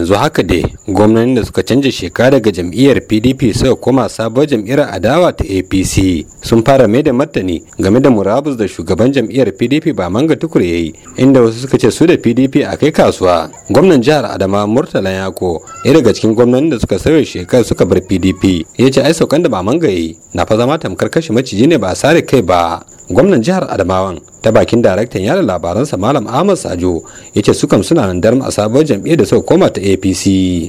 yanzu haka dai gwamnonin da suka canja shekara daga jam'iyyar pdp suka koma sabon jam'iyyar adawa ta apc sun fara mai da martani game da murabus da shugaban jam'iyyar pdp ba manga tukur ya yi inda wasu suka ce su da pdp a kai kasuwa gwamnan jihar adama murtala yako ya daga cikin gwamnonin da suka sauya shekar suka bar pdp ya ce ai saukan da ba manga yi na fa zama tamkar kashe maciji ne ba a sare kai ba gwamnan jihar adamawan ta bakin daraktan yada labaransa malam ahmad sajo ya ce sukan suna nan darma a sabuwar jam'iyyar da suka koma ta apc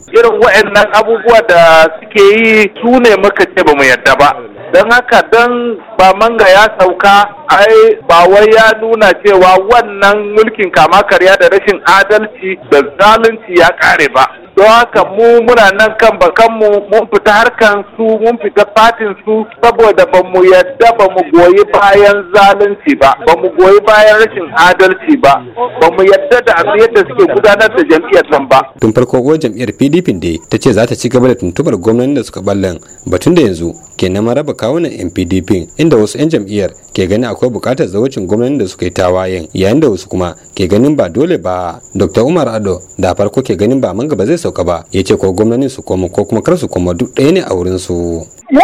irin wa'annan abubuwa da suke yi su ne muka ce ba mu yadda ba don haka don ba manga ya sauka ai ba wai ya nuna cewa wannan mulkin kama karya da rashin adalci da zalunci ya kare ba don haka mu muna nan kan mu mun fita harkan su mun fita fatin su saboda ba mu yadda ba mu goyi bayan zalunci ba ba mu goyi bayan rashin adalci ba ba mu yadda da abin yadda suke gudanar da jam'iyyar nan ba tun farko ko jam'iyyar pdp ne ta ce za ta ci gaba da tuntubar gwamnatin da suka ballan batun da yanzu ke na raba kawunan yan inda wasu yan jam'iyyar ke gani akwai bukatar zawacin gwamnatin da suka yi tawayen yayin da wasu kuma ke ganin ba dole ba dr umar ado da farko ke ganin ba manga ba zai sauka ba ya ce ko gwamnatin su koma ko kuma kar su koma duk ɗaya ne a wurin su ni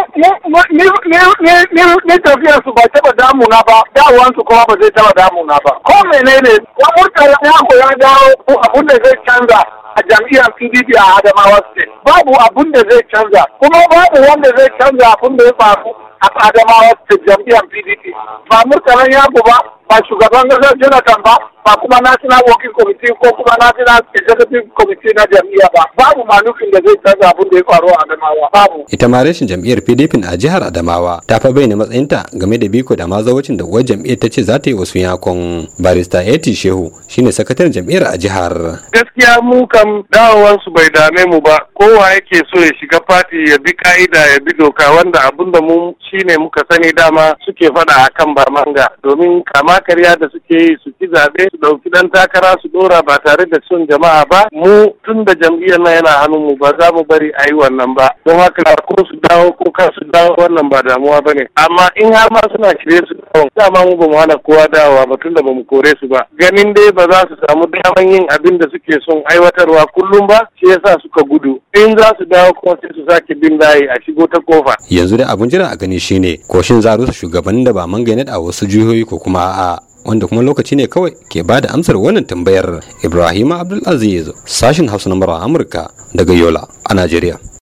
tafiyar su ba taba damuna ba dawon su kuma ba zai taba damuna ba ko menene ya murtala ya koya dawo abun da zai canza a jam'iyyar PDP a Adamawa State. Babu abun da zai canza, kuma babu wanda zai canza abun da ya faru a Adamawa State jam'iyyar PDP. Ba murtalan ya ba, ba shugaban gasar jonathan ba ba kuma national working committee ko kuma national executive committee na jam'iyya ba babu manufin da zai canza abin da ya faru a adamawa babu ita ma rashin jam'iyyar pdp a jihar adamawa ta fa bayyana matsayinta game da biko da mazawacin da uwar jam'iyyar ta ce za ta yi wasu yakon barista eti shehu shine sakataren jam'iyyar a jihar gaskiya mu kam dawowansu bai dame mu ba kowa yake so ya shiga fati ya bi ka'ida ya bi doka wanda abin da mu shine muka sani dama suke faɗa akan barmanga domin kama kama-karya da suke yi su ci zaɓe su ɗauki ɗan takara su ɗora ba tare da son jama'a ba mu tun da jam'iyyar na yana hannun mu ba za mu bari a yi wannan ba don haka ko su dawo ko ka su dawo wannan ba damuwa ba ne amma in har ma suna shirye su dawo dama mu ba mu hana kowa dawowa ba tun da ba mu kore su ba ganin dai ba za su samu daman yin abin da suke son aiwatarwa kullum ba shi yasa suka gudu in za su dawo kuma sai su sake bin layi a shigo ta kofa yanzu da abun jira a gani shine shin za rusa shugabannin da ba mangane a wasu jihohi ko kuma a'a wanda kuma lokaci ne kawai ke ba da amsar wannan tambayar ibrahima abdulaziz sashin hausa na amurka daga yola a najeriya